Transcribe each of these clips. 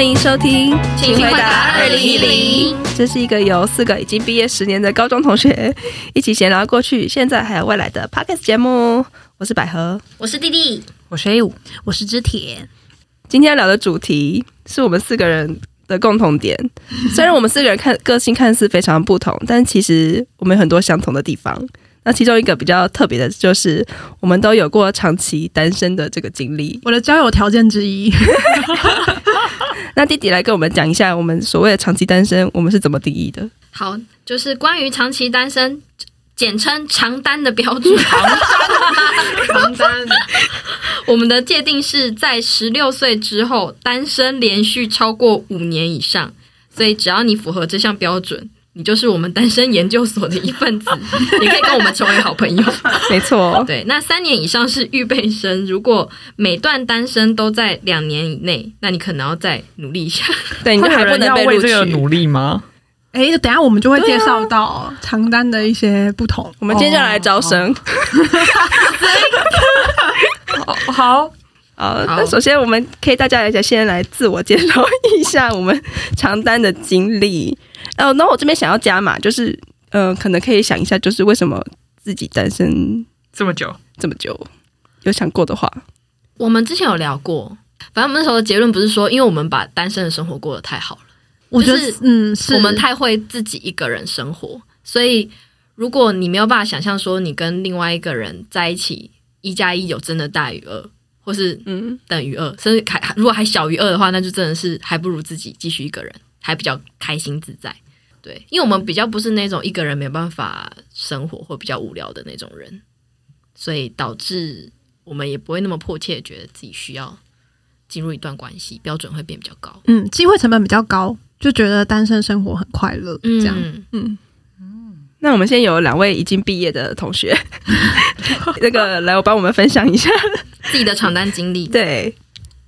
歡迎收聽，請回答二零一零。這是一個由四個已經畢業十年的高中同學一起閒聊過去、現在還有未來的 podcast 節目。我是百合，我是弟弟，我是欸五，我是芝鐵。今天要聊的主題是我們四個人的共同點。雖然我們四個人看個性看似非常不同，但其實我們有很多相同的地方。那其中一個比較特別的就是，我們都有過長期單身的這個經歷。我的交友條件之一。 那弟弟來跟我們講一下，我們所謂的長期單身，我們是怎麼定義的？好，就是關於長期單身，簡稱長單的標準。 長單， 我們的界定是在十六歲之後單身連續超過五年以上，所以只要你符合這項標準。你就是我們單身研究所的一份子，你 可以跟我們成為好朋友。沒錯錯，對，那三年以上是預備生。如果每段單身都在兩年以內，那你可能要再努力一下。對， 你就還不能被錄取還要為這個努力嗎？哎、欸，等一下我們就會介紹到長單的一些不同。啊、我們接下來招生。Oh, 好，呃 好，那首先我們可以大家來先來自我介紹一下我們長單的經歷。哦，那我、uh, no, 這邊想要加碼，就是，呃，可能可以想一下，就是為什麼自己單身這麼久這麼久，有想過的話，我們之前有聊過，反正我們那時候的結論不是說，因為我們把單身的生活過得太好了，我覺、就、得、是，嗯，是我們太會自己一個人生活，是所以如果你沒有辦法想象說你跟另外一個人在一起，一加一有真的大於二，或是等 2, 嗯等於二，甚至還如果還小於二的話，那就真的是還不如自己繼續一個人。還比較開心自在，對，因為我們比較不是那種一個人沒辦法生活或比較無聊的那種人，所以導致我們也不會那麼迫切覺得自己需要進入一段關係，標準會變比較高。嗯，機會成本比較高，就覺得單身生活很快樂，嗯、這樣。嗯，嗯，那我們現在有兩位已經畢業的同學，那個來，我幫我們分享一下自己的長單經歷。對。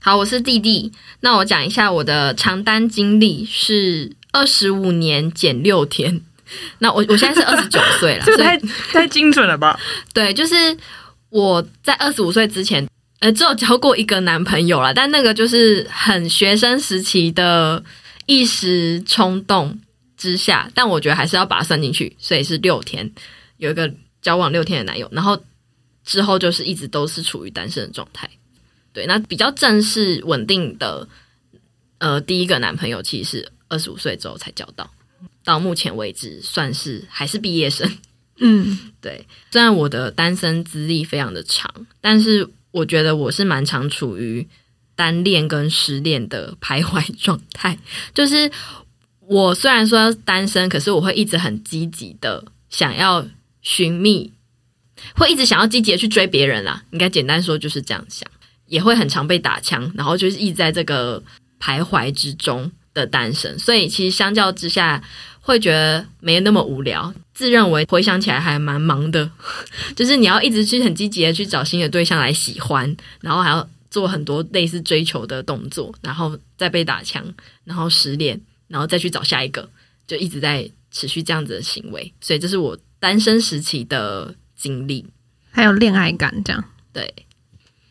好，我是弟弟。那我講一下我的長單經歷是二十五年減六天。那我我現在是二十九歲了，這個 太太精準了吧？對，就是我在二十五歲之前，呃，只有交過一個男朋友啦，但那個就是很學生時期的一時衝動之下，但我覺得還是要把它算進去，所以是六天有一個交往六天的男友，然後之後就是一直都是處於單身的狀態。對，那比較正式穩定的，呃，第一個男朋友其實是二十五歲之後才交到，到目前為止算是還是畢業生。嗯，對，雖然我的單身資歷非常的長，但是我覺得我是蠻常處於單戀跟失戀的徘徊狀態。就是我雖然說要單身，可是我會一直很積極的想要尋覓，會一直想要積極的去追別人啦。應該簡單說就是這樣想。也會很常被打槍，然後就是一直在這個徘徊之中的單身，所以其實相較之下，會覺得沒有那麼無聊。自認為回想起來還蠻忙的， 就是你要一直去很積極的去找新的對象來喜歡，然後還要做很多類似追求的動作，然後再被打槍，然後失戀，然後再去找下一個，就一直在持續這樣子的行為。所以這是我單身時期的經歷，還有戀愛感這樣。對，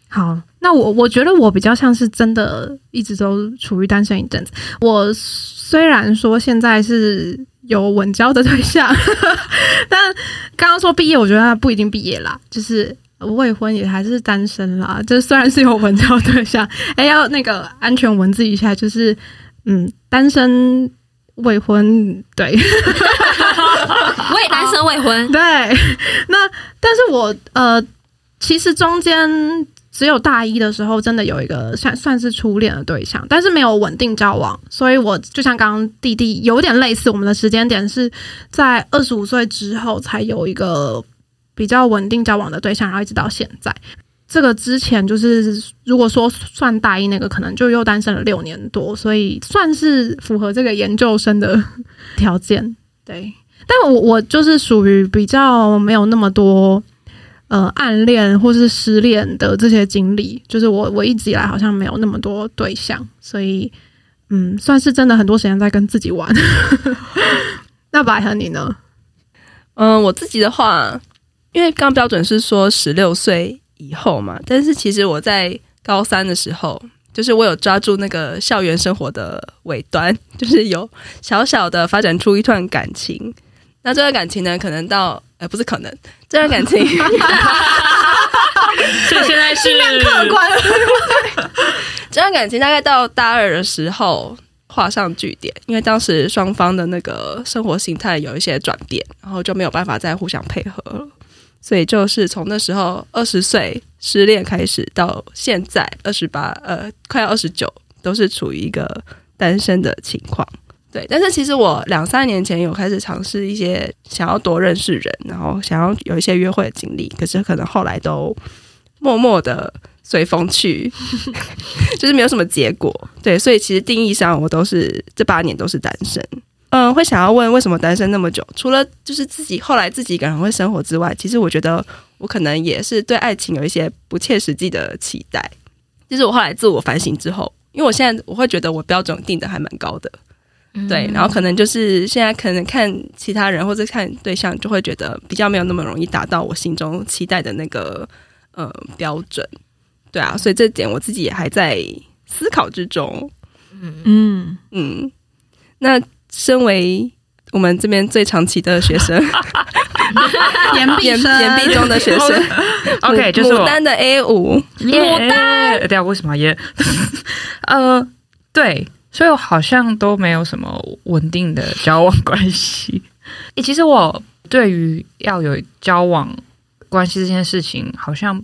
好。那我我覺得我比較像是真的一直都處於單身一陣子。我雖然說現在是有穩交的對象，呵呵，但剛剛說畢業，我覺得他不一定畢業啦，就是未婚也還是單身啦。就雖然是有穩交對象，還、欸、要那個安全文字一下，就是嗯，單身未婚，對， 我也單身未婚，對。那但是我呃，其實中間。只有大一的時候，真的有一個算算是初戀的對象，但是沒有穩定交往。所以，我就像剛剛弟弟，有點類似我們的時間點是在二十五歲之後才有一個比較穩定交往的對象，然後一直到現在。這個之前就是，如果說算大一那個，可能就又單身了六年多，所以算是符合這個研究生的條 件。對，但我我就是屬於比較沒有那麼多。呃，暗戀或是失戀的這些經歷，就是我我一直以來好像沒有那麼多對象，所以嗯，算是真的很多時間在跟自己玩。 那白和你呢？嗯，我自己的話，因為剛剛標準是說十六歲以後嘛，但是其實我在高三的時候，就是我有抓住那個校園生活的尾端，就是有小小的發展出一段感情。那這段感情呢，可能到。呃,不是可能，這段感情， 就現在是盡量客觀。這段感情大概到大二的時候畫上句點，因為當時雙方的那個生活形態有一些轉變，然後就沒有辦法再互相配合了。所以就是從那時候二十歲失戀開始，到現在二十八，呃，快要二十九，都是處於一個單身的情況。對，但是其實我兩三年前有開始嘗試一些想要多認識人，然後想要有一些約會的經歷，可是可能後來都默默的隨風去， 就是沒有什麼結果。對，所以其實定義上我都是這八年都是單身。嗯，會想要問為什麼單身那麼久？除了就是自己後來自己一個人會生活之外，其實我覺得我可能也是對愛情有一些不切實際的期待。就是我後來自我反省之後，因為我現在我會覺得我標準定的還蠻高的。對，然後可能就是現在可能看其他人或者看對象，就會覺得比較沒有那麼容易達到我心中期待的那個呃標準。對啊，所以這點我自己也還在思考之中。嗯嗯嗯。那身為我們這邊最長期的學生，延畢延延畢中的學生 ，OK，就是我母單的欸五，Yeah. 母單，對啊，為什麼耶？Yeah. 呃，對。所以我好像都沒有什麼穩定的交往關係。誒、欸，其實我對於要有交往關係這件事情，好像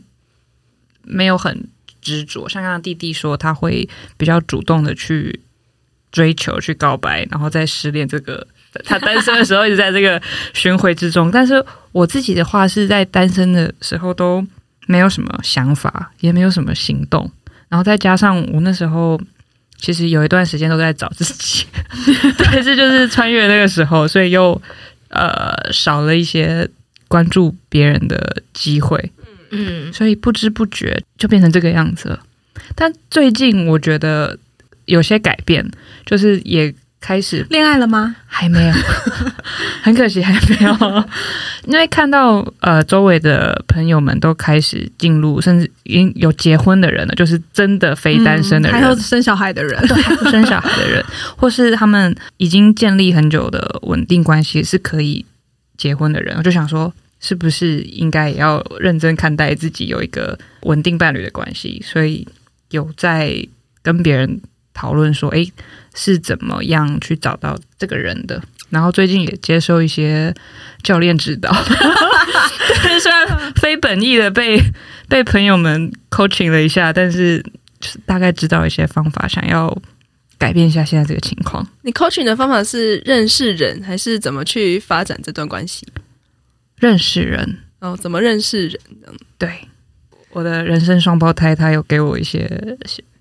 沒有很執着。像剛剛弟弟說，他會比較主動的去追求、去告白，然後再失戀。這個他單身的時候一直在這個循環之中。 但是我自己的話，是在單身的時候都沒有什麼想法，也沒有什麼行動。然後再加上我那時候。其實有一段時間都在找自己，但 是就是穿越那個時候，所以又呃少了一些關注別人的機會，嗯嗯，所以不知不覺就變成這個樣子了。但最近我覺得有些改變，就是也。開始戀愛了嗎還？ 還沒有，很可惜還沒有。因為看到呃，周圍的朋友們都開始進入，甚至已經有結婚的人了，就是真的非單身的人，嗯、還有生小孩的人，對生小孩的人， 或是他們已經建立很久的穩定關係，是可以結婚的人。我就想說，是不是應該也要認真看待自己有一個穩定伴侶的關係？所以有在跟別人。討論說，哎，是怎麼樣去找到這個人的？然後最近也接受一些教練指導， 雖然非本意的被被朋友們 coaching 了一下，但是就是大概知道一些方法，想要改變一下現在這個情況。你 coaching 的方法是認識人，還是怎麼去發展這段關係？認識人。哦，怎麼認識人？對，我的人生雙胞胎，他有給我一些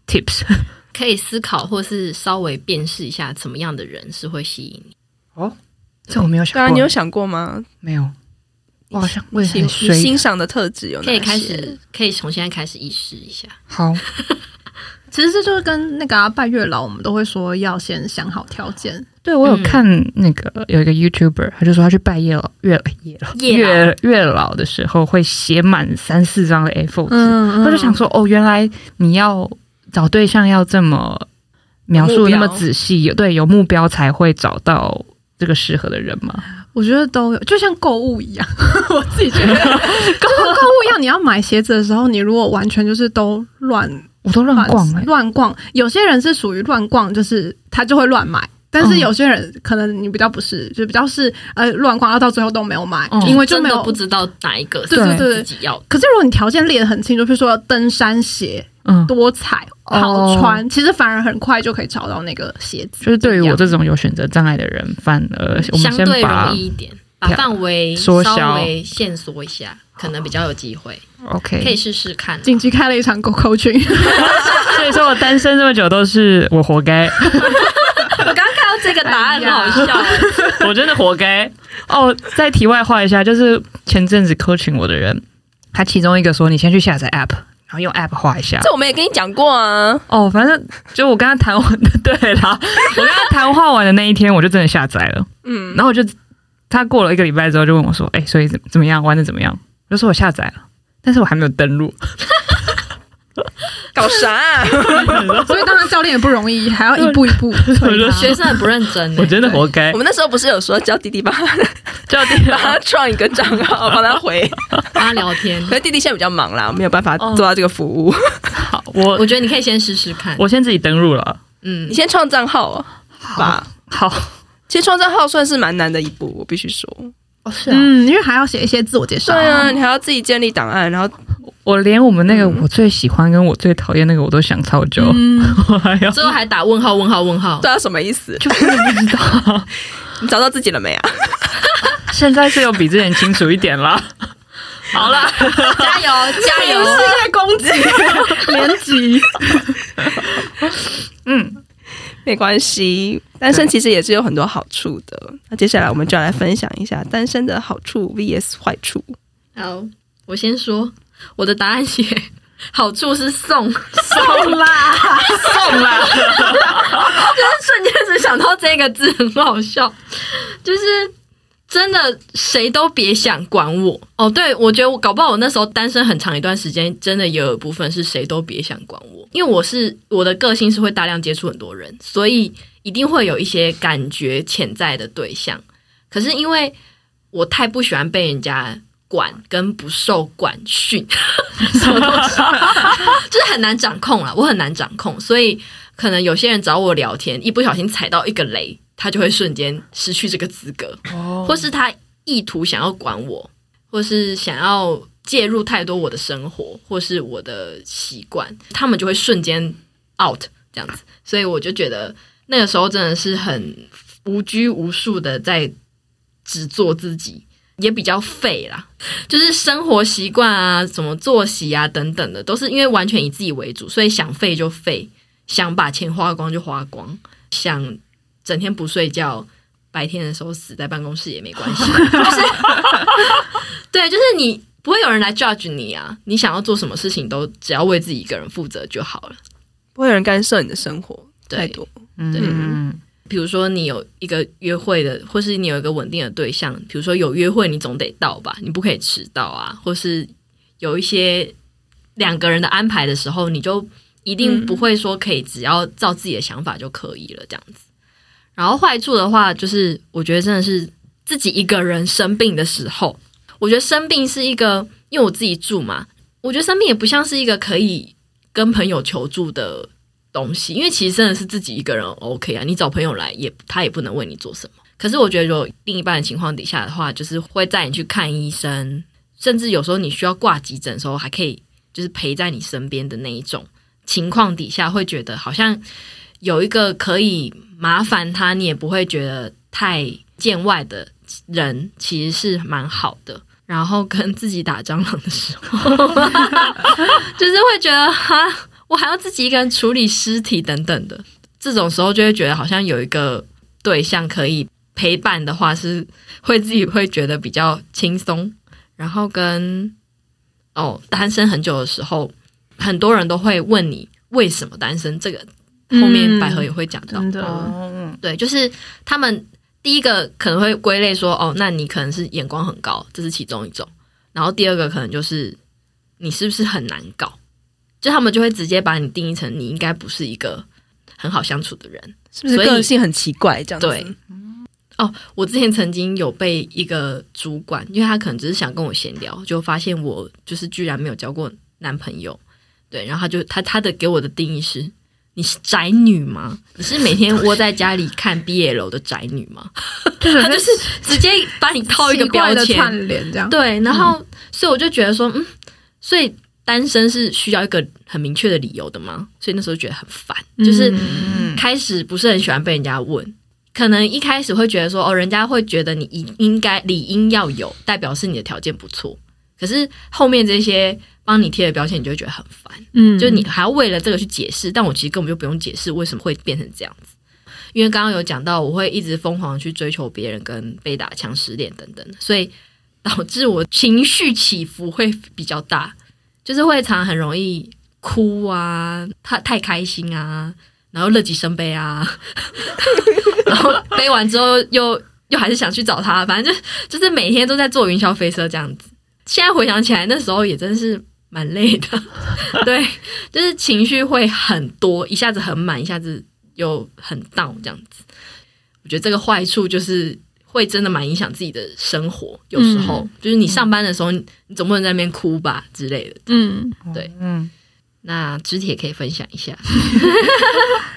tips。可以思考，或是稍微辨識一下，怎麼樣的人是會吸引你？哦，這我沒有想過對。對啊，你有想過嗎？沒有。我好想問一下，你欣賞的特質有哪些？可以開始，可以從現在開始意識一下。好。 其實這就是跟那個、啊、拜月老，我們都會說要先想好條件。對我有看那個、嗯、有一個 YouTuber，他就說他去拜月老，月老，月老，月啊、月月老的時候會寫滿三四張的 A4 紙。嗯嗯他就想說，哦，原來你要。找對象要這麼描述那麼仔細，有標對有目標才會找到這個適合的人嗎？我覺得都有，就像購物一樣， 我自己覺得， 就購物一樣，你要買鞋子的時候，你如果完全就是都亂，我都亂逛、欸，亂逛。有些人是屬於亂逛，就是他就會亂買，但是有些人、嗯、可能你比較不是，就比較是呃亂逛，然後到最後都沒有買，嗯、因為就沒有真的不知道哪一個是對自己要對對對。可是如果你條件列得很清楚，就比如說要登山鞋，嗯，多彩。好、oh, 穿，其實反而很快就可以找到那個鞋子。就是對於我這種有選擇障礙的人，反而我們先把相對容易一點。跳把範圍稍微線縮小，縮小一下，銷可能比較有機會。OK，可以試試看。近期開了一場 group 群， 所以說我單身這麼久都是我活該。 我剛剛看到這個答案很好笑， 我真的活該。哦，再題外話一下，就是前陣子 coaching 我的人，他其中一個說：“你先去下載 app。”然後用 App 畫一下，這我們也跟你講過啊。哦，反正就我跟他談完的，對啦， 我跟他談話完的那一天，我就真的下載了。嗯， 然後我就他過了一個禮拜之後就問我說：“哎、欸，所以怎怎麼樣玩得怎麼樣？”我就說我下載了，但是我還沒有登錄。 搞啥、啊？ 所以當然教練也不容易，還要一步一步。OK、學生很不認真，我真的活該。我們那時候不是有說叫弟弟把他，叫弟弟幫他創一個賬號，幫、哦、他回，幫他、啊、聊天。可是弟弟現在比較忙啦，沒有辦法做到這個服務。哦哦、好，我 我覺得你可以先試試看。我先自己登入了。嗯，你先創賬號吧。好，好，其實創賬號算是蠻難的一步，我必須說。哦，是啊、嗯，因為還要寫一些自我介紹、啊，對啊，你還要自己建立檔案，然後我連我們那個我最喜歡跟我最討厭那個我都想操就，嗯、我還要最後還打問號問號問號，知道、啊、什麼意思？就不知道， 你找到自己了沒有、啊？現在是有比之前清楚一點了， 好了，加油加油，事業公級年級， 連擊 嗯。沒關係，單身其實也是有很多好處的。那對、啊、接下來我們就要來，來分享一下單身的好處 vs 壞處。好，我先說我的答案，寫好處是送，送啦， 送啦， 就是瞬間只想到這個字，很好笑，就是。真的誰都別想管我哦！對，我覺得我搞不好我那時候單身很長一段時間，真的也有一部分是誰都別想管我，因為我是我的個性是會大量接觸很多人，所以一定會有一些感覺潛在的對象。可是因為我太不喜歡被人家管跟不受管訓，什麼東西。就是很難掌控啊，我很難掌控，所以。可能有些人找我聊天，一不小心踩到一個雷，他就會瞬間失去這個資格；oh. 或是他意圖想要管我，或是想要介入太多我的生活，或是我的習慣，他們就會瞬間 out 這樣子。所以我就覺得那個時候真的是很無拘無束的，在只做自己，也比較廢啦，就是生活習慣啊、什麼作息啊等等的，都是因為完全以自己為主，所以想廢就廢。想把錢花光就花光，想整天不睡覺，白天的時候死在辦公室也沒關係。 對，就是你不會有人來 judge 你啊。你想要做什麼事情，都只要為自己一個人負責就好了。不會有人干涉你的生活對太多。嗯，對，比如說你有一個約會的，或是你有一個穩定的對象，比如說有約會，你總得到吧，你不可以遲到啊。或是有一些兩個人的安排的時候，你就。一定不會說可以，只要照自己的想法就可以了這樣子。然後壞處的話，就是我覺得真的是自己一個人生病的時候，我覺得生病是一個，因為我自己住嘛，我覺得生病也不像是一個可以跟朋友求助的東西，因為其實真的是自己一個人 OK 啊。你找朋友來也他也不能為你做什麼。可是我覺得，如果另一半的情況底下的話，就是會帶你去看醫生，甚至有時候你需要掛急診的時候，還可以就是陪在你身邊的那一種。情況底下會覺得好像有一個可以麻煩他，你也不會覺得太見外的人，其實是蠻好的。然後跟自己打蟑螂的時候， 就是會覺得哈，我還要自己一個人處理屍體等等的。這種時候就會覺得好像有一個對象可以陪伴的話，是會自己會覺得比較輕鬆。然後跟哦，單身很久的時候。很多人都會問你為什麼單身，這個、嗯、後面百合也會講到的、哦。對，就是他們第一個可能會歸類說，哦，那你可能是眼光很高，這是其中一種。然後第二個可能就是你是不是很難搞，就他們就會直接把你定義成你應該不是一個很好相處的人，是不是個性以很奇怪這樣子？對。哦，我之前曾經有被一個主管，因為他可能只是想跟我閒聊，就發現我就是居然沒有交過男朋友。對，然後他就他他的給我的定義是：你是宅女嗎？你是每天窩在家裡看 BL 的宅女嗎？ 他就是直接把你套一個標籤，的對，然後、嗯、所以我就覺得說，嗯，所以單身是需要一個很明確的理由的嗎？所以那時候覺得很煩，就是開始不是很喜歡被人家問，可能一開始會覺得說，哦，人家會覺得你應該理應要有，代表是你的條件不錯。可是後面這些幫你貼的標籤，你就會覺得很煩，嗯，就你還要為了這個去解釋。但我其實根本就不用解釋，為什麼會變成這樣子？因為剛剛有講到，我會一直瘋狂去追求別人，跟被打槍失戀等等，所以導致我情緒起伏會比較大，就是會常很容易哭啊，太太開心啊，然後樂極生悲啊， 然後悲完之後又又還是想去找他，反正就就是每天都在坐雲霄飛車這樣子。現在回想起來，那時候也真是蠻累的，對，就是情緒會很多，一下子很滿，一下子又很蕩這樣子。我覺得這個壞處就是會真的蠻影響自己的生活，有時候、嗯、就是你上班的時候，嗯、你總不能在那邊哭吧之類的。嗯，對，嗯，那肢體也可以分享一下？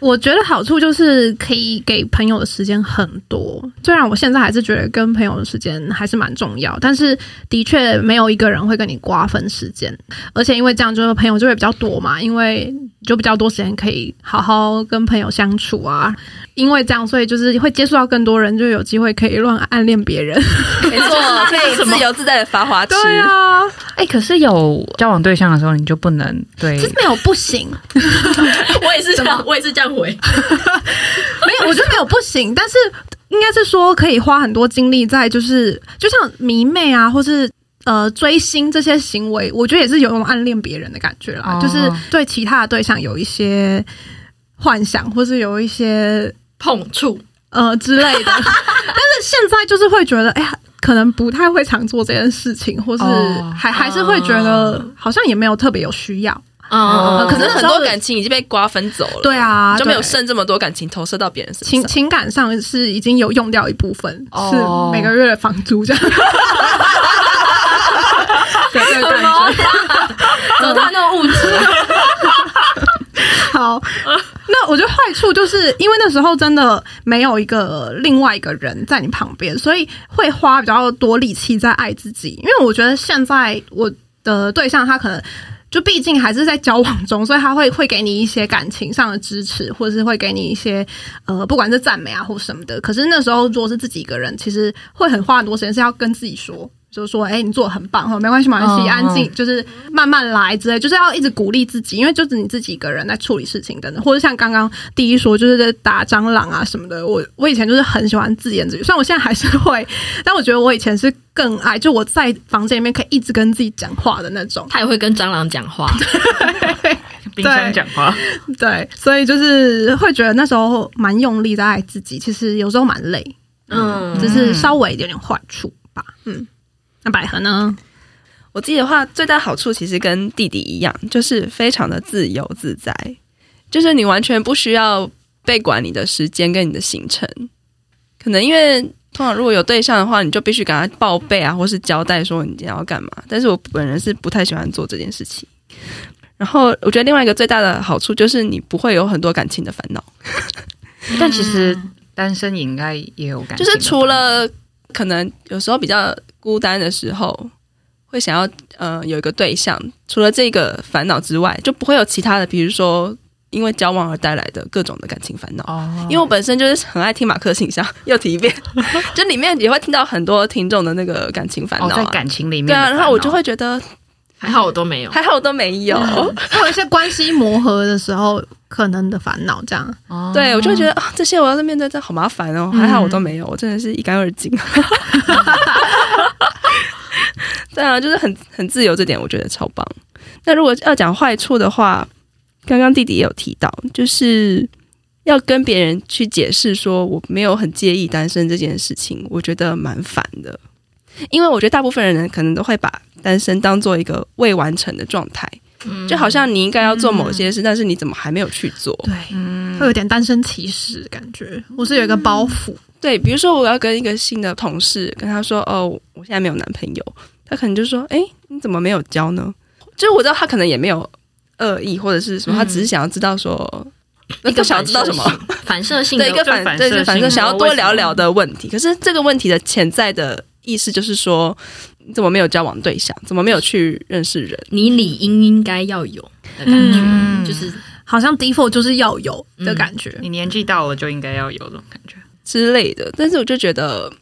我覺得好處就是可以給朋友的時間很多。雖然我現在還是覺得跟朋友的時間還是蠻重要，但是的確沒有一個人會跟你瓜分時間，而且因為這樣，就是朋友就會比較多嘛，因為就比較多時間可以好好跟朋友相處啊。因為這樣，所以就是會接觸到更多人，就有機會可以亂暗戀別人，沒錯、欸， 可以自由自在的發花癡。對啊，哎、欸，可是有交往對象的時候，你就不能對，其實沒有不行。 我也是，什麼？我也是這樣回。 沒有，我覺得沒有不行。但是應該是說，可以花很多精力在，就是就像迷妹啊，或是呃追星這些行為，我覺得也是有種暗戀別人的感覺啦。哦、就是對其他的對象有一些幻想，或是有一些。碰觸呃之類的，但是現在就是會覺得，哎呀，可能不太會常做這件事情，或是還還是會覺得，好像也沒有特別有需要啊。可能很多感情已經被瓜分走了，對啊，就沒有剩這麼多感情投射到別人身上。情情感上是已經有用掉一部分，是每個月的房租這樣。有這個感覺，怎麼那麼物質？好，那我覺得壞處就是因為那時候真的沒有一個另外一個人在你旁邊，所以會花比較多力氣在愛自己。因為我覺得現在我的對象他可能就畢竟還是在交往中，所以他會會給你一些感情上的支持，或者是會給你一些呃，不管是讚美啊或什麼的。可是那時候如果是自己一個人，其實會很花很多時間，是要跟自己說。就說：“哎、欸，你做的很棒，沒關係，沒關係，安靜，嗯嗯、就是慢慢來之類，就是要一直鼓勵自己，因為就是你自己一個人在處理事情等等，或者像剛剛第一說，就是在打蟑螂啊什麼的。我我以前就是很喜歡自言自語，雖然我現在還是會，但我覺得我以前是更愛，就我在房間裡面可以一直跟自己講話的那種。他也會跟蟑螂講話， 冰箱講話。對，對，所以就是會覺得那時候蠻用力在愛自己，其實有時候蠻累，嗯，嗯只是稍微一點點壞處吧，嗯。”那百合呢？我自己的話，最大好處其實跟弟弟一樣，就是非常的自由自在，就是你完全不需要被管你的時間跟你的行程。可能因為通常如果有對象的話，你就必須給他報備啊，或是交代說你今天要幹嘛。但是我本人是不太喜歡做這件事情。然後我覺得另外一個最大的好處就是你不會有很多感情的煩惱。嗯、 但其實單身應該也有感情，就是除了。可能有時候比較孤單的時候，會想要嗯、呃、有一個對象。除了這個煩惱之外，就不會有其他的，比如說因為交往而帶來的各種的感情煩惱。Oh. 因為我本身就是很愛聽馬克信箱，又提一遍， 就裡面也會聽到很多聽眾的那個感情煩惱、啊。Oh, 在感情裡面，對啊，然後我就會覺得。 還好我都沒有，還好我都沒有，嗯、還有一些關係磨合的時候可能的煩惱，這樣。 對我就會覺得、啊、這些我要是面對，這好麻煩哦。還好我都沒有，嗯、我真的是一乾二淨。對啊，就是很很自由，這點我覺得超棒。那如果要講壞處的話，剛剛弟弟也有提到，就是要跟別人去解釋說我沒有很介意單身這件事情，我覺得蠻煩的。因為我覺得大部分人可能都會把單身當做一個未完成的狀態，嗯、就好像你應該要做某些事，嗯、但是你怎麼還沒有去做？對，嗯、會有點單身歧視的感覺，我是有一個包袱、嗯。對，比如說我要跟一個新的同事跟他說：“哦，我現在沒有男朋友。”他可能就說：“誒，你怎麼沒有交呢？”就是我知道他可能也沒有惡意，或者是什麼，他只是想要知道說，一個、嗯、想要知道什麼？反射性的 一個反，對，反射想要多聊聊的問題。可是這個問題的潛在的。意思就是說，怎麼沒有交往對象？怎麼沒有去認識人？你理應應該要有的感覺，嗯、就是好像 default 就是要有的感覺。嗯、你年紀到了就應該要有這種感覺之類的。但是我就覺得，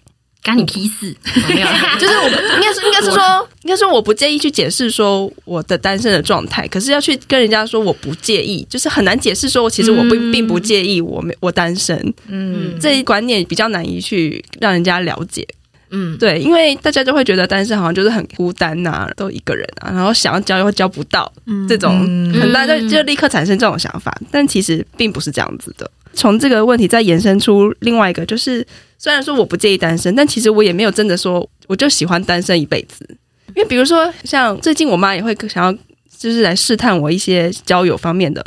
幹你屁事！沒有。就是我應該是應該是說，應該是我不介意去解釋說我的單身的狀態，可是要去跟人家說我不介意，就是很難解釋說我其實我不、嗯、並不介意我沒我單身。嗯，這一觀念比較難以去讓人家了解。嗯，對，因為大家就會覺得單身好像就是很孤單吶，啊，都一個人啊，然後想要交又交不到，這種很大就就立刻產生這種想法。但其實並不是這樣子的。從這個問題再延伸出另外一個，就是雖然說我不介意單身，但其實我也沒有真的說我就喜歡單身一輩子。因為比如說，像最近我媽也會想要就是來試探我一些交友方面的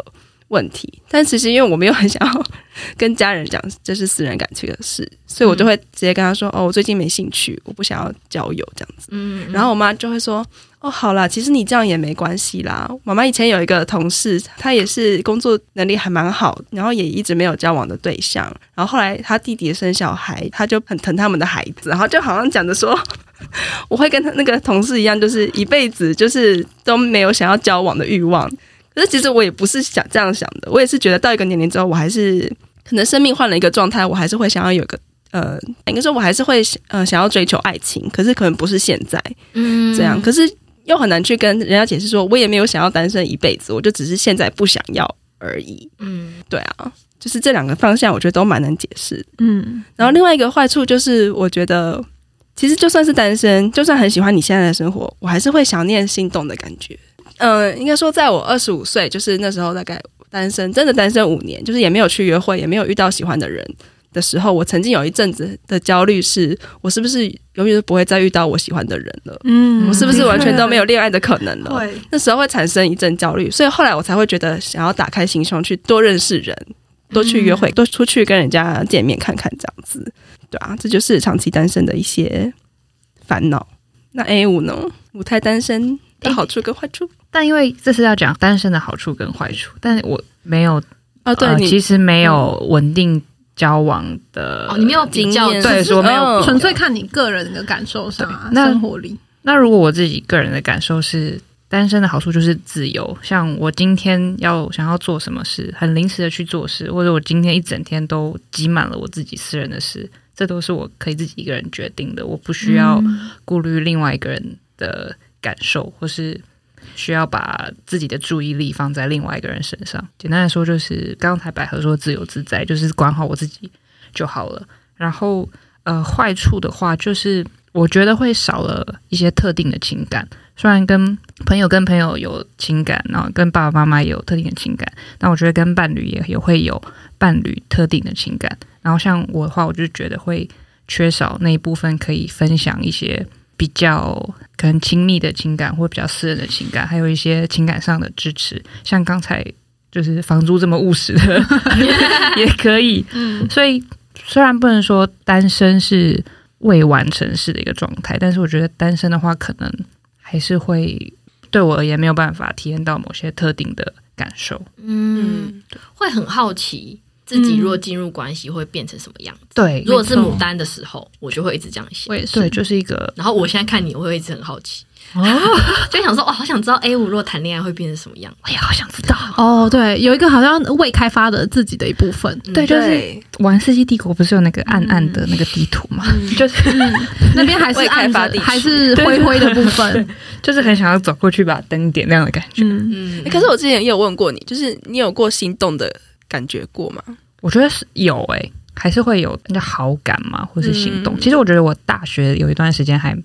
問題，但其實因為我沒有很想要跟家人講這是私人感情的事，所以我就會直接跟他說：“嗯、哦，我最近沒興趣，我不想要交友這樣子。”嗯,嗯,嗯，然後我媽就會說：“哦，好啦，其實你這樣也沒關係啦。”媽媽以前有一個同事，她也是工作能力還蠻好，然後也一直沒有交往的對象，然後後來她弟弟生小孩，她就很疼他們的孩子，然後就好像講着說：“我會跟她那個同事一樣，就是一輩子就是都沒有想要交往的欲望。”那其實我也不是想這樣想的，我也是覺得到一個年齡之後，我還是可能生命換了一個狀態，我還是會想要有一個呃，應該說我還是會想呃想要追求愛情，可是可能不是現在，嗯，這樣，可是又很難去跟人家解釋說，說我也沒有想要單身一輩子，我就只是現在不想要而已，嗯，對啊，就是這兩個方向，我覺得都蠻難解釋，嗯，然後另外一個壞處就是，我覺得其實就算是單身，就算很喜歡你現在的生活，我還是會想念心動的感覺。嗯、呃，應該說，在我二十五歲，就是那時候，大概單身，真的單身五年，就是也沒有去約會，也沒有遇到喜歡的人的時候，我曾經有一陣子的焦慮是，我是不是永遠都不會再遇到我喜歡的人了？嗯，我是不是完全都沒有戀愛的可能了？對、嗯，那時候會產生一陣焦慮，所以後來我才會覺得想要打開心胸，去多認識人，多去約會，多出去跟人家見面看看這樣子，對啊，這就是長期單身的一些煩惱。那 A 五呢？母胎單身。但好處跟壞處、欸，但因為這是要講單身的好處跟壞處，但我沒有啊，對、呃，其實沒有穩定交往的，嗯哦、你沒有經驗，嗯、對，說沒有，純、哦、粹看你個人的感受上、啊，那生活裡。那如果我自己個人的感受是，單身的好處就是自由，像我今天要想要做什麼事，很臨時的去做事，或者我今天一整天都擠滿了我自己私人的事，這都是我可以自己一個人決定的，我不需要顧慮另外一個人的。嗯感受，或是需要把自己的注意力放在另外一個人身上。簡單來說，就是剛才百合說自由自在，就是管好我自己就好了。然後，呃，壞處的話，就是我覺得會少了一些特定的情感。雖然跟朋友跟朋友有情感，然後跟爸爸媽媽也有特定的情感，但我覺得跟伴侶也也會有伴侶特定的情感。然後，像我的話，我就覺得會缺少那一部分可以分享一些。比較可能親密的情感，或比較私人的情感，還有一些情感上的支持，像剛才就是房租這麼務實的 也可以。嗯，所以雖然不能說單身是未完成式的一個狀態，但是我覺得單身的話，可能還是會對我而言沒有辦法體驗到某些特定的感受。嗯，嗯會很好奇。自己若進入關係會變成什麼樣子？對，如果是母單的時候，我就會一直這樣想。我也是，就是一個。然後我現在看你，我會一直很好奇，就想說哇，好想知道欸五若談戀愛會變成什麼樣？我也好想知道。哦，對，有一個好像未開發的自己的一部分。對，就是玩《世紀帝國》不是有那個暗暗的那個地圖嘛？就是那邊還是未開發的，還是灰灰的部分，就是很想要走過去把燈點亮的感覺。嗯，可是我之前也有問過你，就是你有過心動的。感覺過嗎？我覺得是有哎、欸，還是會有那好感嘛，或是行動。嗯、其實我覺得我大學有一段時間還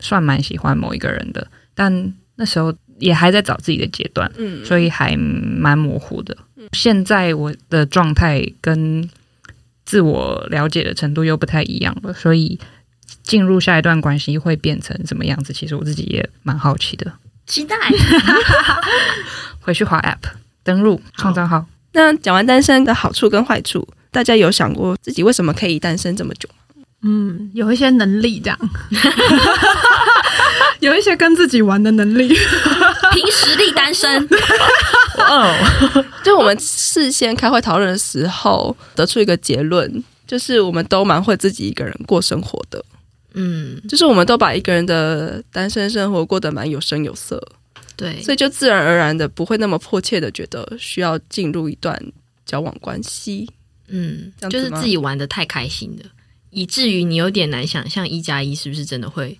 算蠻喜歡某一個人的，但那時候也還在找自己的階段，嗯，所以還蠻模糊的。嗯、現在我的狀態跟自我了解的程度又不太一樣了，所以進入下一段關係會變成什麼樣子？其實我自己也蠻好奇的，期待。 回去滑 App，登入創賬號。好哦那講完單身的好處跟壞處，大家有想過自己為什麼可以單身這麼久？嗯，有一些能力這樣， 有一些跟自己玩的能力，憑 實力單身。哦， oh, 就我們事先開會討論的時候，得出一個結論，就是我們都蠻會自己一個人過生活的。嗯，就是我們都把一個人的單身生活過得蠻有聲有色。對，所以就自然而然的不會那麼迫切的覺得需要進入一段交往關係，嗯，就是自己玩得太開心了，以至於你有點難想象一加一是不是真的會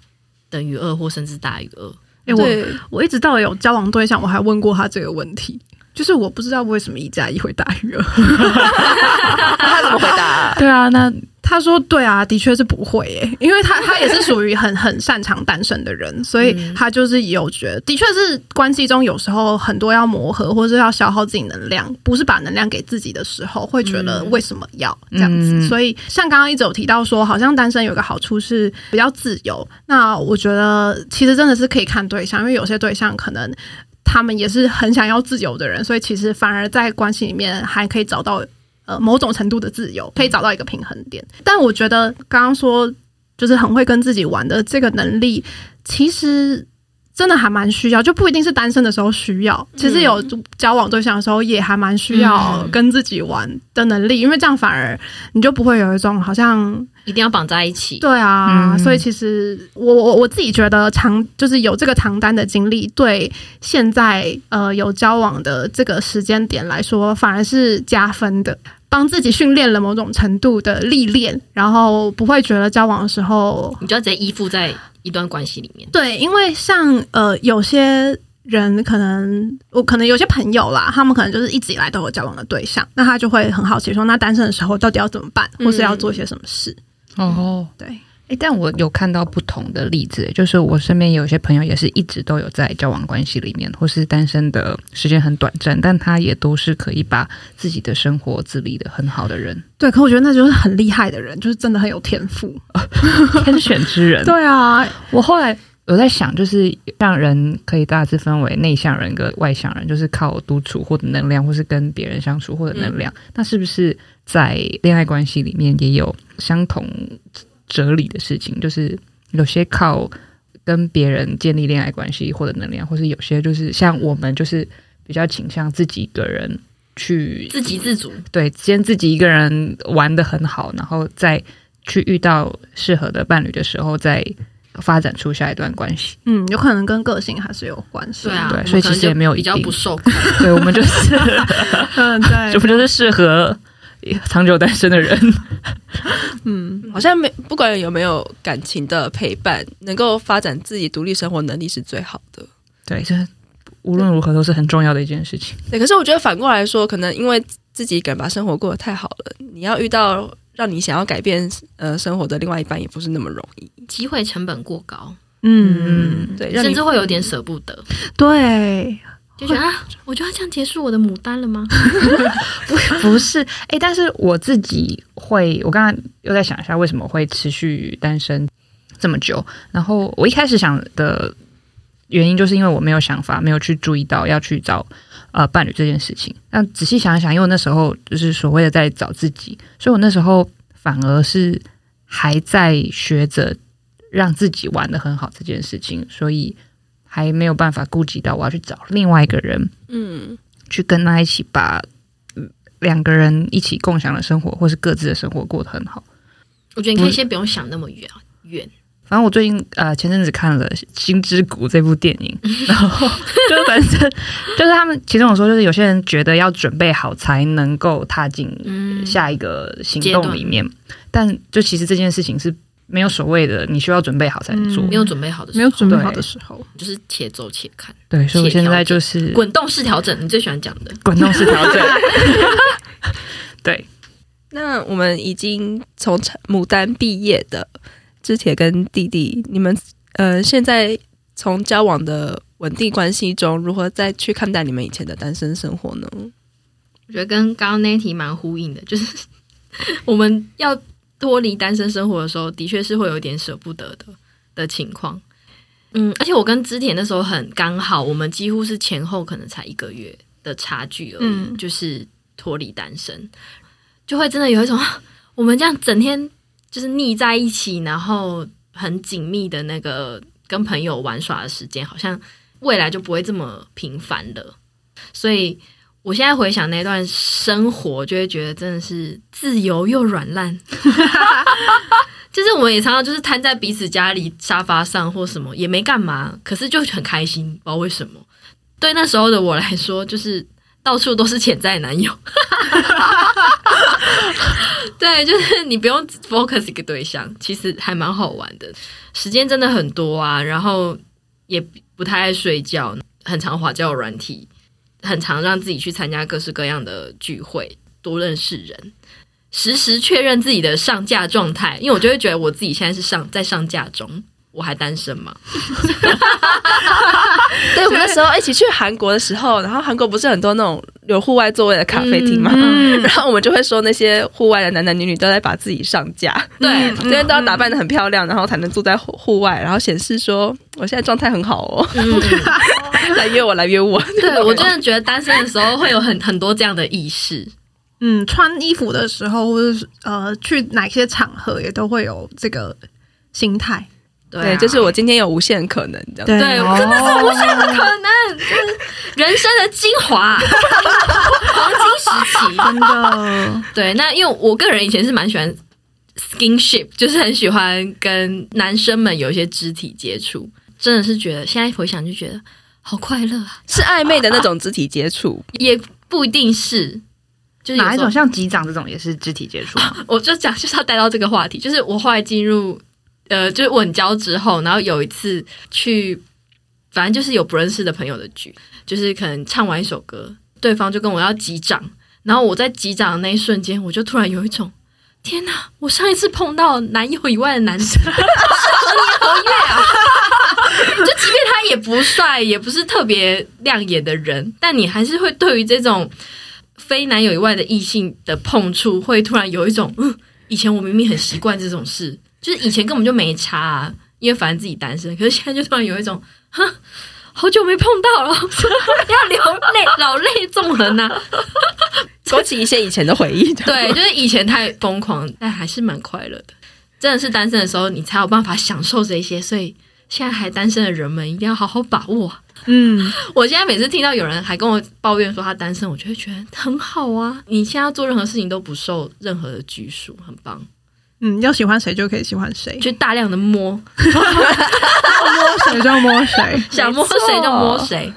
等於二或甚至大於二。欸，我對我一直到有交往對象，我還問過他這個問題，就是我不知道為什麼一加一會大於二，那他怎麼回答？ 對啊，那。他說：“對啊，的確是不會誒，因為他他也是屬於很很擅長單身的人， 所以他就是有覺得，的確是關係中有時候很多要磨合，或是要消耗自己能量，不是把能量給自己的時候，會覺得為什麼要這樣子。 所以像剛剛一直有提到說，好像單身有個好處是比較自由。那我覺得其實真的是可以看對象，因為有些對象可能他們也是很想要自由的人，所以其實反而在關係裡面還可以找到。”呃，某種程度的自由，可以找到一個平衡點。但我覺得剛剛說就是很會跟自己玩的這個能力，其實真的還蠻需要，就不一定是單身的時候需要。其實有交往對象的時候，也還蠻需要跟自己玩的能力，嗯、因為這樣反而你就不會有一種好像一定要綁在一起。對啊，嗯、所以其實我我我自己覺得長就是有這個長單的經歷，對現在呃有交往的這個時間點來說，反而是加分的。幫自己訓練了某種程度的歷練，然後不會覺得交往的時候，你就直接依附在一段關係裡面。對，因為像呃有些人可能，我可能有些朋友啦，他們可能就是一直以來都有交往的對象，那他就會很好奇說，那單身的時候到底要怎麼辦，或是要做些什麼事？哦，對。誒、欸，但我有看到不同的例子，就是我身邊有些朋友也是一直都有在交往關係裡面，或是單身的時間很短暫，但他也都是可以把自己的生活自理的很好的人。嗯、對，可我覺得那就是很厲害的人，就是真的很有天賦， 天選之人。 對啊，我後來有在想，就是像人可以大致分為內向人跟外向人，就是靠獨處獲得能量，或是跟別人相處獲得能量。嗯、那是不是在戀愛關係裡面也有相同？哲理的事情，就是有些靠跟別人建立戀愛關係或者能量，或是有些就是像我們，就是比較傾向自己一個人去自給自足。對，先自己一個人玩得很好，然後再去遇到適合的伴侶的時候，再發展出下一段關係。嗯，有可能跟個性還是有關係。對啊，對，所以其實也沒有一定比較不受。 對，我們就是， 對，這不就是適合。長久單身的人， 嗯，好像沒不管有沒有感情的陪伴，能夠發展自己獨立生活能力是最好的。對，這無論如何都是很重要的一件事情對。對，可是我覺得反過來說，可能因為自己敢把生活過得太好了，你要遇到讓你想要改變呃生活的另外一半，也不是那麼容易。機會成本過高，嗯，嗯對，甚至會有點舍不得。對。就覺得啊，我就要這樣結束我的母單了嗎？不 不是，哎、欸，但是我自己會，我剛剛又在想一下，為什麼會持續單身這麼久？然後我一開始想的原因，就是因為我沒有想法，沒有去注意到要去找呃伴侶這件事情。但仔細想一想，因為我那時候就是所謂的在找自己，所以我那時候反而是還在學着讓自己玩得很好這件事情，所以。還沒有辦法顧及到，我要去找另外一個人，嗯，去跟他一起把兩個人一起共享的生活，或是各自的生活過得很好。我覺得你可以先不用想那麼遠，遠、嗯。反正我最近呃前陣子看了《心之谷》這部電影，嗯、然後就是反正 就是他們，其實我說就是有些人覺得要準備好才能夠踏進下一個行動裡面，段但就其實這件事情是。沒有所謂的，你需要準備好才做。沒有準備好的，沒有準備好的時候，對就是且走且看。對，所以我現在就是滾動式調整。你最喜歡講的滾動式調整。 對。那我們已經從母單畢業的志鐵跟弟弟，你們呃，現在從交往的穩定關係中，如何再去看待你們以前的單身生活呢？我覺得跟剛剛那題蠻呼應的，就是我們要。脫離單身生活的時候，的確是會有一點捨不得的的情況。嗯，而且我跟織田那時候很剛好，我們幾乎是前後可能才一個月的差距而已，嗯、就是脫離單身，就會真的有一種我們這樣整天就是膩在一起，然後很緊密的那個跟朋友玩耍的時間，好像未來就不會這麼頻繁了，所以。我現在回想那段生活，就會覺得真的是自由又軟爛， 就是我們也常常就是癱在彼此家裡沙發上或什麼也沒幹嘛，可是就很開心，不知道為什麼。對那時候的我來說，就是到處都是潛在男友， 對，就是你不用 focus 一個對象，其實還蠻好玩的，時間真的很多啊，然後也不太愛睡覺，很常滑交友軟體。很常讓自己去參加各式各樣的聚會，多認識人，實時確認自己的上架狀態，因為我就會覺得我自己現在是上，在上架中。我還單身嗎？ 對，我們那時候一起去韓國的時候，然後韓國不是很多那種有戶外座位的咖啡廳嘛，嗯嗯、然後我們就會說那些戶外的男男女女都在把自己上架，對、嗯，今天都要打扮的很漂亮，然後才能坐在戶戶外，然後顯示說我現在狀態很好哦。嗯、 來約我，來約我。對、OK、我真的覺得單身的時候會有很 很多這樣的意識，嗯，穿衣服的時候或者是呃去哪些場合也都會有這個心態。對，就是我今天有無限可能這樣。對，真的是無限的可能，人生的精華，黃金時期。真的，對。那因為我個人以前是蠻喜歡 skinship，就是很喜歡跟男生們有一些肢體接觸，真的是覺得現在回想就覺得好快樂啊。是曖昧的那種肢體接觸，也不一定是，就是哪一種像機長這種也是肢體接觸。我就講就是要帶到這個話題，就是我後來進入。呃，就是穩交之後，然後有一次去，反正就是有不認識的朋友的局，就是可能唱完一首歌，對方就跟我要擊掌，然後我在擊掌的那一瞬間，我就突然有一種天吶，我上一次碰到男友以外的男生，何年何月啊！就即便他也不帥，也不是特別亮眼的人，但你還是會對於這種非男友以外的異性的碰觸，會突然有一種，呃，以前我明明很習慣這種事。就是以前根本就沒差啊，因為反正自己單身，可是現在就突然有一種，哼，好久沒碰到了， 要流淚，老淚縱橫啊，勾 起一些以前的回憶。對，就是以前太瘋狂，但還是蠻快樂的。 真的是單身的時候，你才有辦法享受這些。所以現在還單身的人們，一定要好好把握。嗯，我現在每次聽到有人還跟我抱怨說他單身，我就會覺得很好啊。你現在要做任何事情都不受任何的拘束，很棒。嗯，要喜歡誰就可以喜歡誰，就大量的摸， 要摸誰就摸誰，想摸誰就摸誰。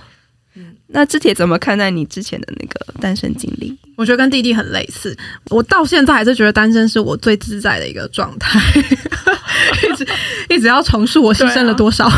嗯，那志鐵怎麼看待你之前的那個單身經歷？我覺得跟弟弟很類似，我到現在還是覺得單身是我最自在的一個狀態， 一直一直要重述我犧牲了多少。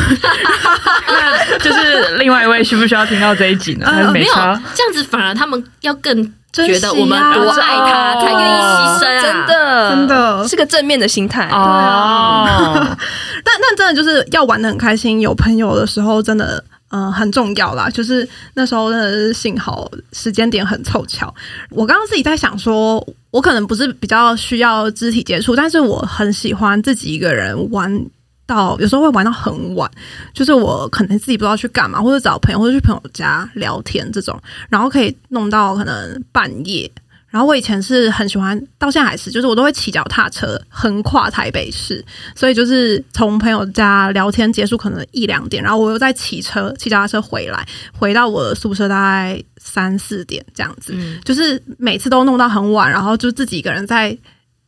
就是另外一位需不需要聽到這一集呢？呃、沒，沒有，這樣子反而他們要更。真覺得我們多愛他、啊、才願意犧牲、啊，對真的，真的是個正面的心態。哦、對啊， 但但真的就是要玩得很開心，有朋友的時候真的、呃、很重要啦。就是那時候真的是幸好時間點很湊巧。我剛剛自己在想說，說我可能不是比較需要肢體接觸，但是我很喜歡自己一個人玩。到有時候會玩到很晚，就是我可能自己不知道去幹嘛，或者找朋友，或者去朋友家聊天這種，然後可以弄到可能半夜。然後我以前是很喜歡，到現在還是，就是我都會騎腳踏車橫跨台北市，所以就是從朋友家聊天結束可能一兩點，然後我又再騎車騎腳踏車回來，回到我的宿舍大概三四點這樣子，嗯、就是每次都弄到很晚，然後就自己一個人在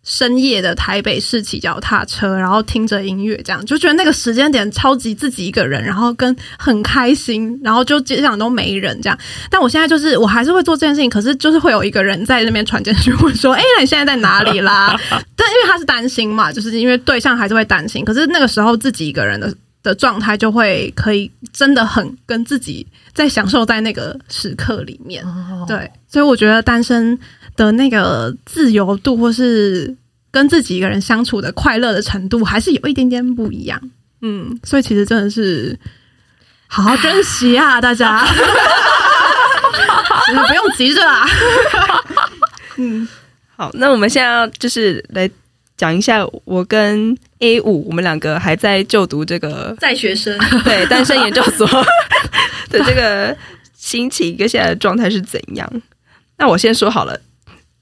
深夜的台北市騎腳踏車，然後聽着音樂，這樣就覺得那個時間點超級自己一個人，然後跟很開心，然後就街上都沒人這樣。但我現在就是我還是會做這件事情，可是就是會有一個人在那邊傳簡訊，問說：“誒、 欸、那你現在在哪裡啦？” 但因為他是擔心嘛，就是因為對象還是會擔心。可是那個時候自己一個人的的狀態，就會可以真的很跟自己在享受在那個時刻裡面。Oh. 對，所以我覺得單身。的那個自由度，或是跟自己一個人相處的快樂的程度，還是有一點點不一樣。嗯，所以其實真的是好好珍惜啊，唉大家，你 不用急着啊。 嗯，好，那我們現在就是來講一下我跟 A 五，我們兩個還在就讀這個在學生，對，單身研究所的這個心情跟現在的狀態是怎樣？那我先說好了。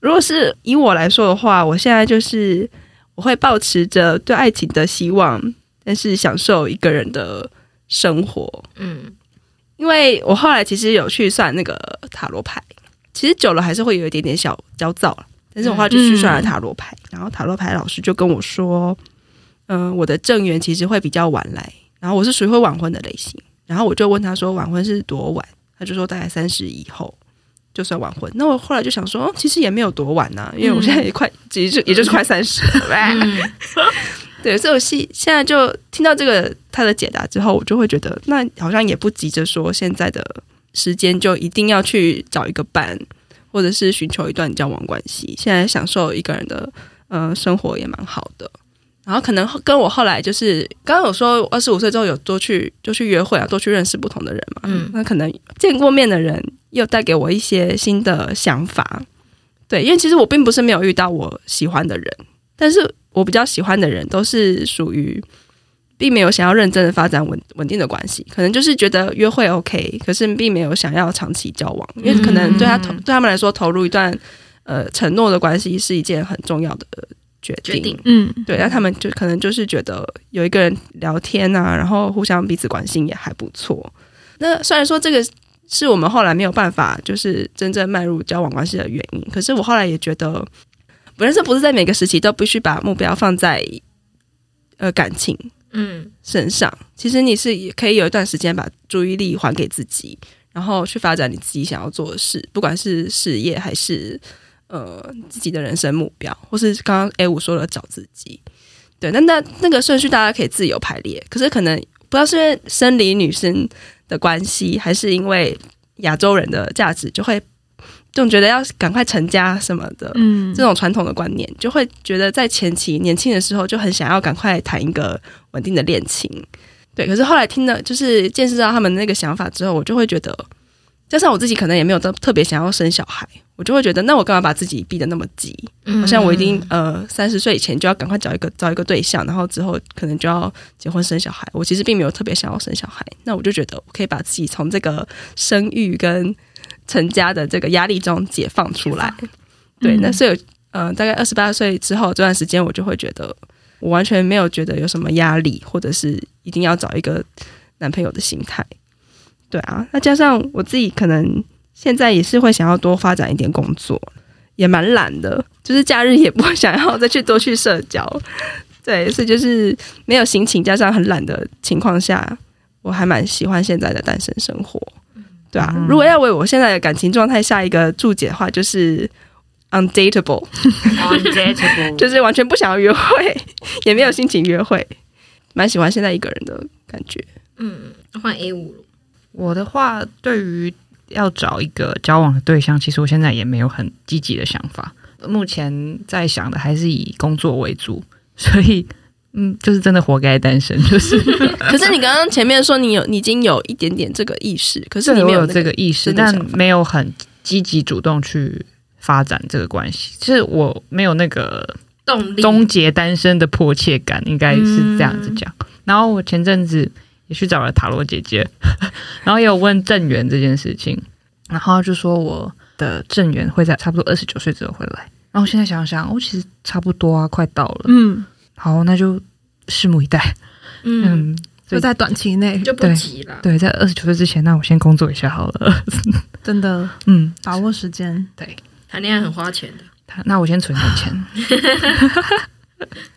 如果是以我來說的話，我現在就是我會抱持著對愛情的希望，但是享受一個人的生活。嗯，因為我後來其實有去算那個塔羅牌，其實久了還是會有一點點小焦躁，但是我後來就去算了塔羅牌，嗯、然後塔羅牌老師就跟我說，嗯、呃，我的正緣其實會比較晚來，然後我是屬於會晚婚的類型。然後我就問他說晚婚是多晚？他就說大概三十以後。就算晚婚，那我後來就想說，哦，其實也沒有多晚吶、啊，因為我現在也快，也就、嗯、也就是快三十了唄。 對，所以我現在就聽到這個他的解答之後，我就會覺得，那好像也不急着說現在的時間就一定要去找一個伴，或者是尋求一段交往關係。現在享受一個人的呃生活也蠻好的。然後可能跟我後來就是剛剛有說，二十五歲之後有多去就去約會啊，多去認識不同的人嘛。嗯，那可能見過面的人，又帶給我一些新的想法，對，因為其實我並不是沒有遇到我喜歡的人，但是我比較喜歡的人都是屬於並沒有想要認真的發展穩穩定的關係，可能就是覺得約會 OK，可是並沒有想要長期交往，因為可能對他投嗯嗯嗯對他們來說投入一段呃承諾的關係是一件很重要的決定，決定嗯，對，那他們就可能就是覺得有一個人聊天啊，然後互相彼此關心也還不錯。那雖然說這個。是我們後來沒有辦法，就是真正邁入交往關係的原因。可是我後來也覺得，本身不是在每個時期都必須把目標放在呃感情嗯身上。嗯，其實你是可以有一段時間把注意力還給自己，然後去發展你自己想要做的事，不管是事業還是呃自己的人生目標，或是剛剛 A 五說了找自己。對，那那那個順序大家可以自由排列。可是可能不知道是因為生理女生。的關係，還是因為亞洲人的價值，就會總覺得要趕快成家什麼的，嗯，這種傳統的觀念，就會覺得在前期年輕的時候就很想要趕快談一個穩定的戀情，對。可是後來聽了，就是見識到他們那個想法之後，我就會覺得，加上我自己可能也沒有到特別想要生小孩。我就會覺得，那我幹嘛把自己逼得那麼急？嗯、好像我一定呃，三十歲以前就要趕快找一個找一個對象，然後之後可能就要結婚生小孩。我其實並沒有特別想要生小孩，那我就覺得我可以把自己從這個生育跟成家的這個壓力中解放出來。嗯、對，那所以呃，大概二十八歲之後這段時間，我就會覺得我完全沒有覺得有什麼壓力，或者是一定要找一個男朋友的心態。對啊，那加上我自己可能。現在也是會想要多發展一點工作，也蠻懶的，就是假日也不會想要再去多去社交，對，所以就是沒有心情，加上很懶的情況下，我還蠻喜歡現在的單身生活，對啊。嗯，如果要為我現在的感情狀態下一個注解的話，就是 undateable，undateable，就是完全不想要約會，也沒有心情約會，蠻喜歡現在一個人的感覺。嗯，換 A 五了。我的話對於。要找一個交往的對象，其實我現在也沒有很積極的想法。目前在想的還是以工作為主，所以，嗯，就是真的活該單身。就是， 可是你剛剛前面說你有，你已經有一點點這個意識，可是我有這個意識，但沒有很積極主動去發展這個關係，就是我沒有那個動力，終結單身的迫切感，應該是這樣子講。嗯、然後我前陣子。也去找了塔羅姐姐，然後也有問正緣這件事情， 然後就說我的正緣會在差不多二十九歲之後回來。然後現在想想，我、哦、其實差不多啊，快到了。嗯，好，那就拭目以待。嗯，嗯以就在短期內就不急了。對，在二十九歲之前，那我先工作一下好了。 真的，嗯，把握時間。對，談戀愛很花錢的，他那我先存點錢。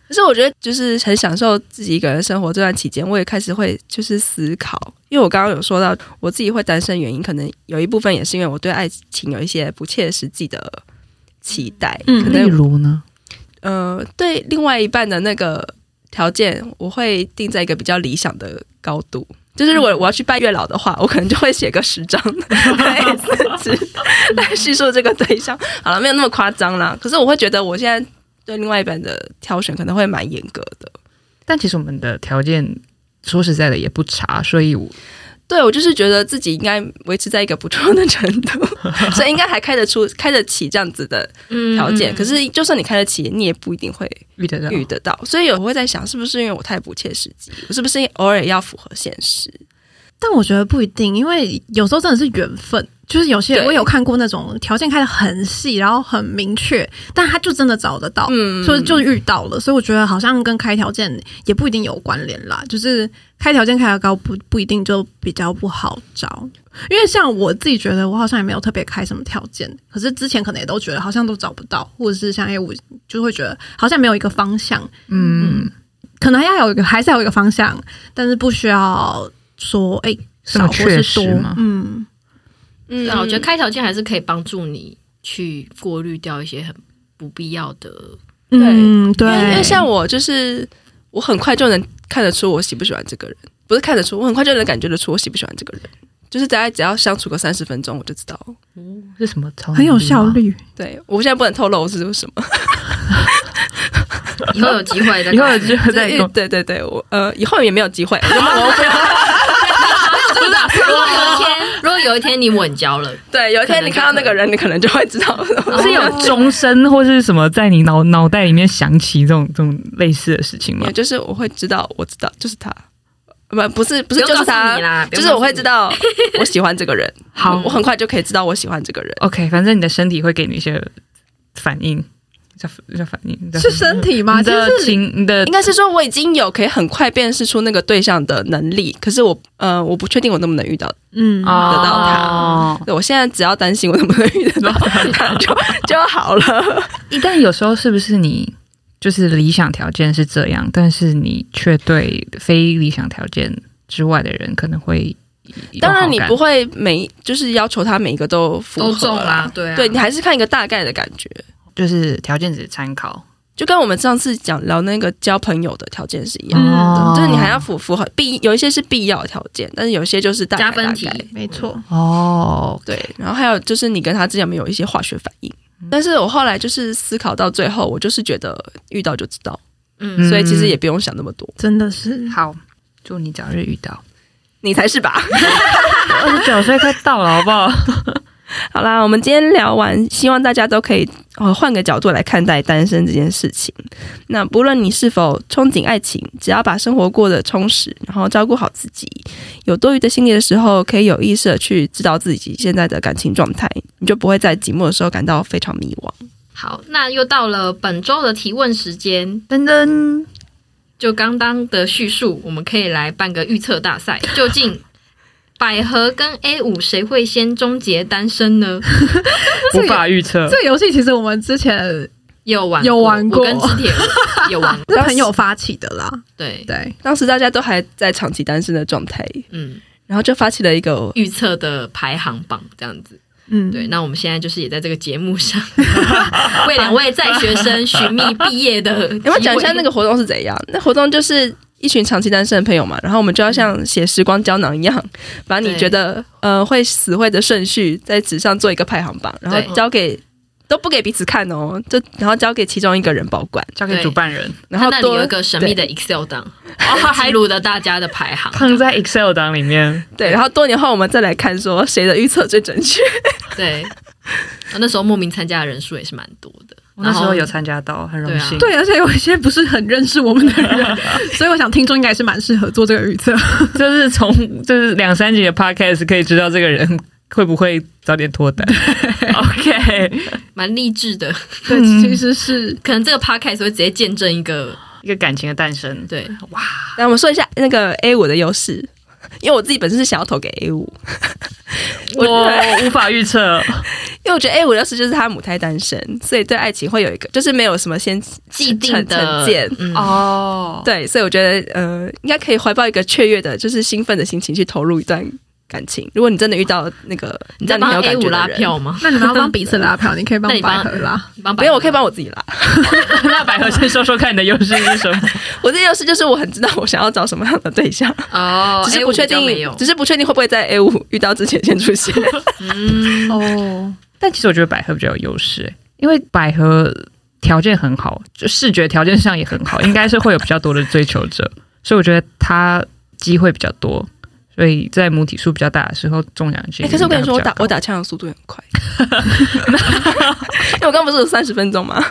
可是我覺得就是很享受自己一個人生活這段期間，我也開始會就是思考，因為我剛剛有說到我自己會單身原因，可能有一部分也是因為我對愛情有一些不切實際的期待。嗯，可能例如呢？呃，對另外一半的那個條件，我會定在一個比較理想的高度。就是如果我要去拜月老的話，我可能就會寫個十張 來敘述這個對象。好了，沒有那麼誇張啦。可是我會覺得我現在。對另外一半的挑選可能會蠻嚴格的，但其實我們的條件說實在的也不差，所以我對我就是覺得自己應該維持在一個不錯的程度， 所以應該還開得出、開得起這樣子的條件。嗯，可是就算你開得起，你也不一定會遇得到遇得到，所以我會在想，是不是因為我太不切實際？是不是因為偶爾要符合現實？但我覺得不一定，因為有時候真的是緣分。就是有些我有看過那種條件開得很細，然後很明確，對但他就真的找得到，嗯、所以就遇到了。所以我覺得好像跟開條件也不一定有關聯啦。就是開條件開得高不不一定就比較不好找，因為像我自己覺得我好像也沒有特別開什麼條件，可是之前可能也都覺得好像都找不到，或者是像欸我就會覺得好像沒有一個方向，嗯，嗯，可能還要有一個還是要有一個方向，但是不需要說哎、欸、少或是多，麼嗯。嗯，我覺得開條件還是可以幫助你去過濾掉一些很不必要的。嗯，對，因為像我就是我很快就能看得出我喜不喜歡這個人，不是看得出，我很快就能感覺得出我喜不喜歡這個人。就是大家只要相處個三十分鐘，我就知道這什麼操作，很有效率。對，我現在不能透露是什麼，以後有機會，以後有機會再用。對對對，我呃，以後也沒有機會，我不要，真的，如果有一天。如果有一天你穩交了，對，有一天你看到那個人，可能可能你可能就會知道，不是有鐘聲或是什麼在你腦 腦袋裡面響起這種這種類似的事情嗎？就是我會知道，我知道，就是他，不，不是，不是，就是他，就是我會知道我喜歡這個人， 好，我很快就可以知道我喜歡這個人。OK，反正你的身體會給你一些反應。在在反應，在反應是身體嗎？嗯、情就是的應該是說，我已經有可以很快辨識出那個對象的能力，可是我呃，我不確定我能不能遇到，嗯，得到他。哦，我現在只要擔心我能不能遇得到他就 就，就好了。一旦有時候是不是你就是理想條件是這樣，但是你卻對非理想條件之外的人可能會當然你不會每就是要求他每一個都都中啦，對，啊，對，你還是看一個大概的感覺。就是條件只參考，就跟我們上次講聊那個交朋友的條件是一樣的，嗯嗯，就是你還要符符合必有一些是必要的條件，但是有些就是加分題，概沒錯錯哦。Okay，對，然後還有就是你跟他之間有沒有一些化學反應，嗯，但是我後來就是思考到最後，我就是覺得遇到就知道，嗯，所以其實也不用想那麼多，真的是好，祝你早日遇到，你才是吧，二十九歲快到了，好不好？好啦，我們今天聊完，希望大家都可以哦、換個角度來看待單身這件事情。那不論你是否憧憬愛情，只要把生活過得充實，然後照顧好自己，有多餘的心理的時候，可以有意識的去知道自己現在的感情狀態，你就不會在寂寞的時候感到非常迷惘。好，那又到了本周的提問時間，噔噔，就剛剛的敘述，我們可以來辦個預測大賽，究竟。百合跟 A 五誰會先終結單身呢？無法預測。這個遊戲其實我們之前有玩過，跟之前有，有玩過，有玩，是朋友發起的啦。對對，當時大家都還在長期單身的狀態，嗯，然後就發起了一個預測的排行榜，這樣子。嗯，對。那我們現在就是也在這個節目上 為兩位在學生尋覓畢業的。你們講一下那個活動是怎樣？那活動就是。一群長期單身的朋友嘛，然後我們就要像寫時光膠囊一樣，把你覺得對呃會死會的順序在紙上做一個排行榜，然後交給對都不給彼此看哦，就然後交給其中一個人保管，對交給主辦人。然後多了有一個神秘的 Excel 檔，還錄的大家的排行，放，哦，幾在 Excel 檔， Excel 檔裡面。對，然後多年後我們再來看，說誰的預測最準確。對， 哦，那時候莫名參加的人數也是蠻多的。我那時候有參加到，很榮幸。對，啊對啊，而且有一些不是很認識我們的人， 所以我想聽眾應該是蠻適合做這個預測，就是從就是兩三集的 podcast 可以知道這個人會不會早點脫單。對 OK，蠻勵志的。對，其實是、嗯、可能這個 podcast 會直接見證一個一個感情的誕生。對，哇！來我們說一下那個 A 五的優勢。因為我自己本身是想要投給 A 五，我無法預測，因為我覺得 A 五要是就是他母胎單身，所以對愛情會有一個就是沒有什麼先既定的成見哦，成成嗯、對，所以我覺得呃應該可以懷抱一個雀躍的，就是興奮的心情去投入一段。感情，如果你真的遇到那個，你知道你沒有感覺的人，你在幫 A 五拉票嗎？那你們要幫彼此拉票，你可以幫我百合拉，因為我可以幫我自己拉。 那百合先說說看，你的優勢是什麼？ 我的優勢就是我很知道我想要找什麼樣的對象，哦，oh, 只是不確定，只是不確定會不會在 A 五遇到之前先出現。 嗯，哦，但其實我覺得百合比較有優勢，因為百合條件很好，就視覺條件上也很好，應該是會有比較多的追求者，所以我覺得他機會比較多。所以在母體數比較大的時候，中獎機。可是我跟你說，我打我打槍的速度很快。 因為我剛不是有三十分鐘嗎？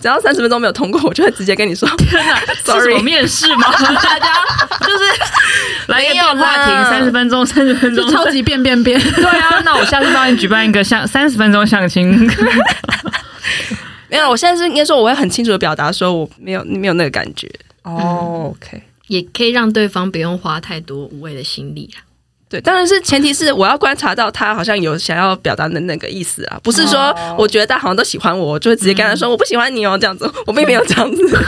只要三十分鐘沒有通過，我就會直接跟你說。天哪、啊、，sorry，面試嗎？大家 就是來也有話題三十分鐘，三十分鐘超級變變變。 對啊，那我下次幫你舉辦一個相三十分鐘相親。 沒有，我現在是應該說我會很清楚的表達，說我沒有沒有那個感覺。哦、oh,，OK。也可以讓對方不用花太多無謂的心力啊。對，當然是前提是我要觀察到他好像有想要表達的那個意思啊，不是說我覺得他好像都喜歡我，就會直接跟他說我不喜歡你哦這樣子，嗯、我並沒有這樣子。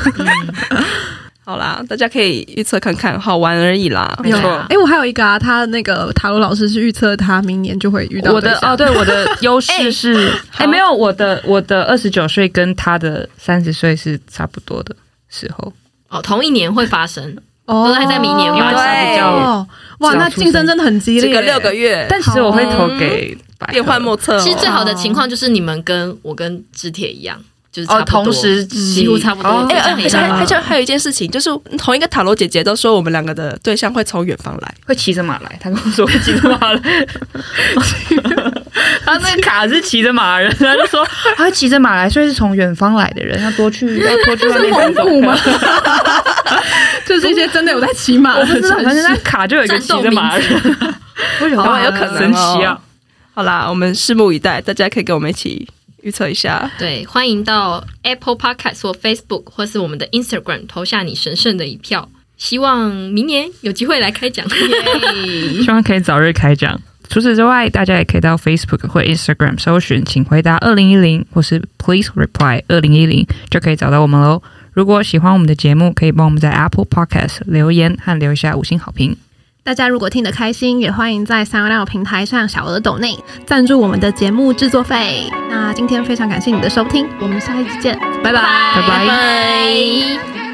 嗯、 好啦，大家可以預測看看，好玩而已啦，沒，有沒錯。哎，我還有一個啊，他那個塔羅老師是預測他明年就會遇到我的哦。對，我的優勢是哎誒好，沒有我的我的二十九歲跟他的三十歲是差不多的時候哦，同一年會發生。Oh, 都是還在明年嘛？對因為比較，哇，那競爭真的很激烈。這個六個月，嗯、但其實我會投給變幻莫測。哦。其實最好的情況就是你們跟我跟志鐵一樣，就是差不多，哦、同時幾乎差不多。哎、哦，欸欸、而且還而且還有一件事情，就是同一個塔羅姐姐都說我們兩個的對象會從遠方來，會騎着馬來。她跟我說，會騎着馬來。 他那卡是騎着馬人，他就說 他騎着馬來，所以是從遠方來的人，要多去，要多去外面走走。 這是蒙古嗎？ 就是一些真的有在騎馬，嗯、我不知道。反正那卡就有一個騎着馬人，為什麼？有可能啊、喔。好啦，我們拭目以待，大家可以跟我們一起預測一下。對，歡迎到 Apple Podcast 或 Facebook 或是我們的 Instagram 投下你神聖的一票。希望明年有機會來開獎， Yeah 希望可以早日開獎。除此之外，大家也可以到 Facebook 或 Instagram 搜尋，請回答 “2010” 或是 “Please reply 2010”，就可以找到我們嘍。如果喜歡我們的節目，可以幫我們在 Apple Podcast 留言和留下五星好評。大家如果聽得開心，也歡迎在三六零平台上小額抖內贊助我們的節目制作費。那今天非常感謝你的收聽，我們下一次見，拜拜拜拜。